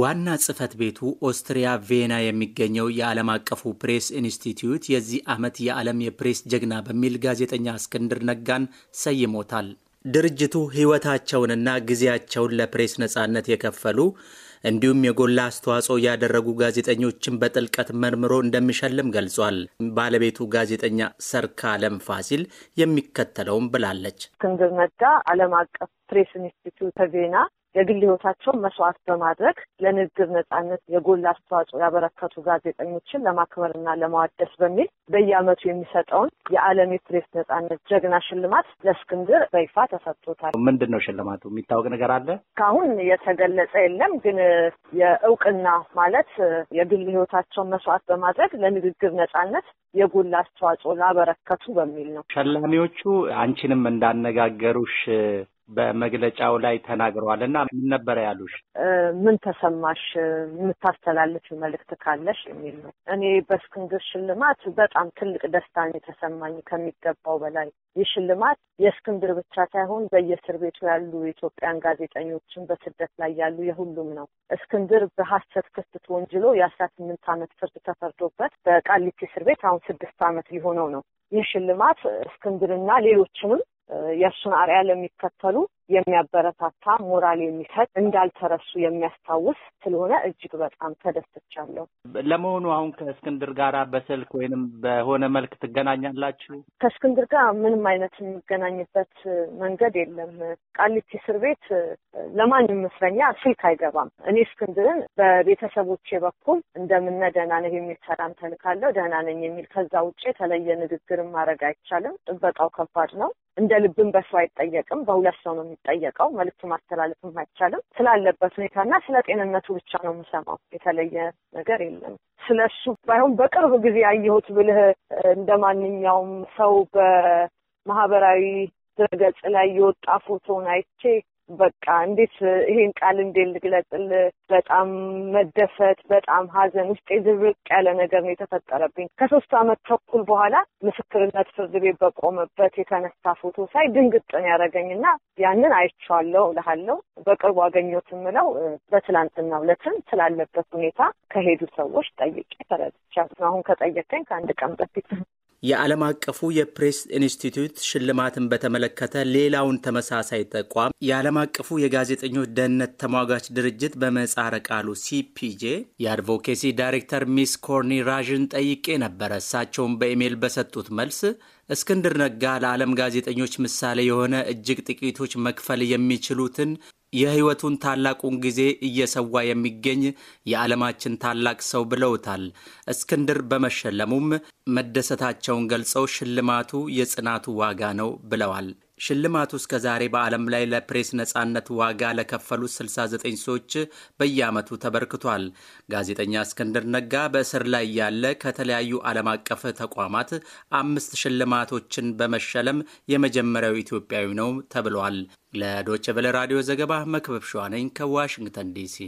ዋና ጽህፈት ቤቱ ኦስትሪያ ቬና የሚገኘው የዓለም አቀፉ ፕሬስ ኢንስቲትዩት የዚህ ዓመት የዓለም የፕሬስ ጀግና በሚል ጋዜጠኛ እስክንድር ነጋን ሰይሞታል። ድርጅቱ ሕይወታቸውንና ጊዜያቸውን ለፕሬስ ነጻነት የከፈሉ እንዲሁም የጎላ አስተዋጽኦ ያደረጉ ጋዜጠኞችን በጥልቀት መርምሮ እንደሚሸልም ገልጿል። ባለቤቱ ጋዜጠኛ አለም ፋሲል የሚከተለውም ብላለች። እስክንድር ነጋ ዓለም አቀፍ ፕሬስ ኢንስቲትዩት ቬና የግል ህይወታቸውን መስዋዕት በማድረግ ለንግግር ነጻነት የጎላ አስተዋጽኦ ያበረከቱ ጋዜጠኞችን ለማክበርና ለማዋደስ በሚል በየአመቱ የሚሰጠውን የዓለም የፕሬስ ነጻነት ጀግና ሽልማት ለእስክንድር በይፋ ተሰጥቶታል። ምንድን ነው ሽልማቱ? የሚታወቅ ነገር አለ? እስካሁን የተገለጸ የለም። ግን የእውቅና ማለት የግል ህይወታቸውን መስዋዕት በማድረግ ለንግግር ነጻነት የጎላ አስተዋጽኦ ላበረከቱ በሚል ነው። ሸላሚዎቹ አንቺንም እንዳነጋገሩሽ በመግለጫው ላይ ተናግረዋል እና ምን ነበረ ያሉሽ? ምን ተሰማሽ? የምታስተላልፍ መልእክት ካለሽ የሚል ነው። እኔ በእስክንድር ሽልማት በጣም ትልቅ ደስታ የተሰማኝ ከሚገባው በላይ ይህ ሽልማት የእስክንድር ብቻ ሳይሆን በየእስር ቤቱ ያሉ የኢትዮጵያን ጋዜጠኞችን በስደት ላይ ያሉ የሁሉም ነው። እስክንድር በሀሰት ክስ ተወንጅሎ የአስራ ስምንት ዓመት ፍርድ ተፈርዶበት በቃሊቲ እስር ቤት አሁን ስድስት ዓመት ሊሆነው ነው። ይህ ሽልማት እስክንድርና ሌሎችንም የእሱን አርያ ለሚከተሉ የሚያበረታታ ሞራል የሚሰጥ እንዳልተረሱ የሚያስታውስ ስለሆነ እጅግ በጣም ተደስቻለሁ። ለመሆኑ አሁን ከእስክንድር ጋራ በስልክ ወይንም በሆነ መልክ ትገናኛላችሁ? ከእስክንድር ጋር ምንም አይነት የሚገናኝበት መንገድ የለም። ቃሊቲ እስር ቤት ለማንም እስረኛ ስልክ አይገባም። እኔ እስክንድርን በቤተሰቦቼ በኩል እንደምነ ደህና ነህ የሚል ሰላም ተልካለሁ፣ ደህና ነኝ የሚል ከዛ ውጭ የተለየ ንግግር ማድረግ አይቻልም። ጥበቃው ከባድ ነው። እንደ ልብን በሰው አይጠየቅም። በሁለት ሰው ነው የሚጠየቀው። መልዕክቱ ማስተላለፍም አይቻልም። ስላለበት ሁኔታና ስለ ጤንነቱ ብቻ ነው የምሰማው። የተለየ ነገር የለም። ስለ እሱ ባይሆን በቅርብ ጊዜ ያየሁት ብልህ እንደ ማንኛውም ሰው በማህበራዊ ድረገጽ ላይ የወጣ ፎቶን አይቼ በቃ እንዴት ይሄን ቃል እንዴት ልግለጽልህ? በጣም መደፈት፣ በጣም ሀዘን ውስጤ ዝብርቅ ያለ ነገር ነው የተፈጠረብኝ። ከሶስት አመት ተኩል በኋላ ምስክርነት ፍርድ ቤት በቆመበት የተነሳ ፎቶ ሳይ ድንግጥን ያደረገኝ እና ያንን አይቼዋለሁ እልሃለሁ። በቅርቡ አገኘሁት የምለው በትላንትና ሁለትም ስላለበት ሁኔታ ከሄዱ ሰዎች ጠይቄ ተረድቻለሁ። አሁን ከጠየቀኝ ከአንድ ቀን በፊት የዓለም አቀፉ የፕሬስ ኢንስቲትዩት ሽልማትን በተመለከተ ሌላውን ተመሳሳይ ተቋም የዓለም አቀፉ የጋዜጠኞች ደህንነት ተሟጋች ድርጅት በመጻረ ቃሉ ሲፒጄ የአድቮኬሲ ዳይሬክተር ሚስ ኮርኒ ራዥን ጠይቄ ነበረ። እሳቸውን በኢሜይል በሰጡት መልስ እስክንድር ነጋ ለዓለም ጋዜጠኞች ምሳሌ የሆነ እጅግ ጥቂቶች መክፈል የሚችሉትን የህይወቱን ታላቁን ጊዜ እየሰዋ የሚገኝ የዓለማችን ታላቅ ሰው ብለውታል። እስክንድር በመሸለሙም መደሰታቸውን ገልጸው ሽልማቱ የጽናቱ ዋጋ ነው ብለዋል። ሽልማቱ እስከ ዛሬ በዓለም ላይ ለፕሬስ ነጻነት ዋጋ ለከፈሉት 69 ሰዎች በየዓመቱ ተበርክቷል። ጋዜጠኛ እስክንድር ነጋ በእስር ላይ ያለ ከተለያዩ ዓለም አቀፍ ተቋማት አምስት ሽልማቶችን በመሸለም የመጀመሪያው ኢትዮጵያዊ ነው ተብሏል። ለዶቸ ቨለ ራዲዮ ዘገባ መክበብ ሸዋነኝ ከዋሽንግተን ዲሲ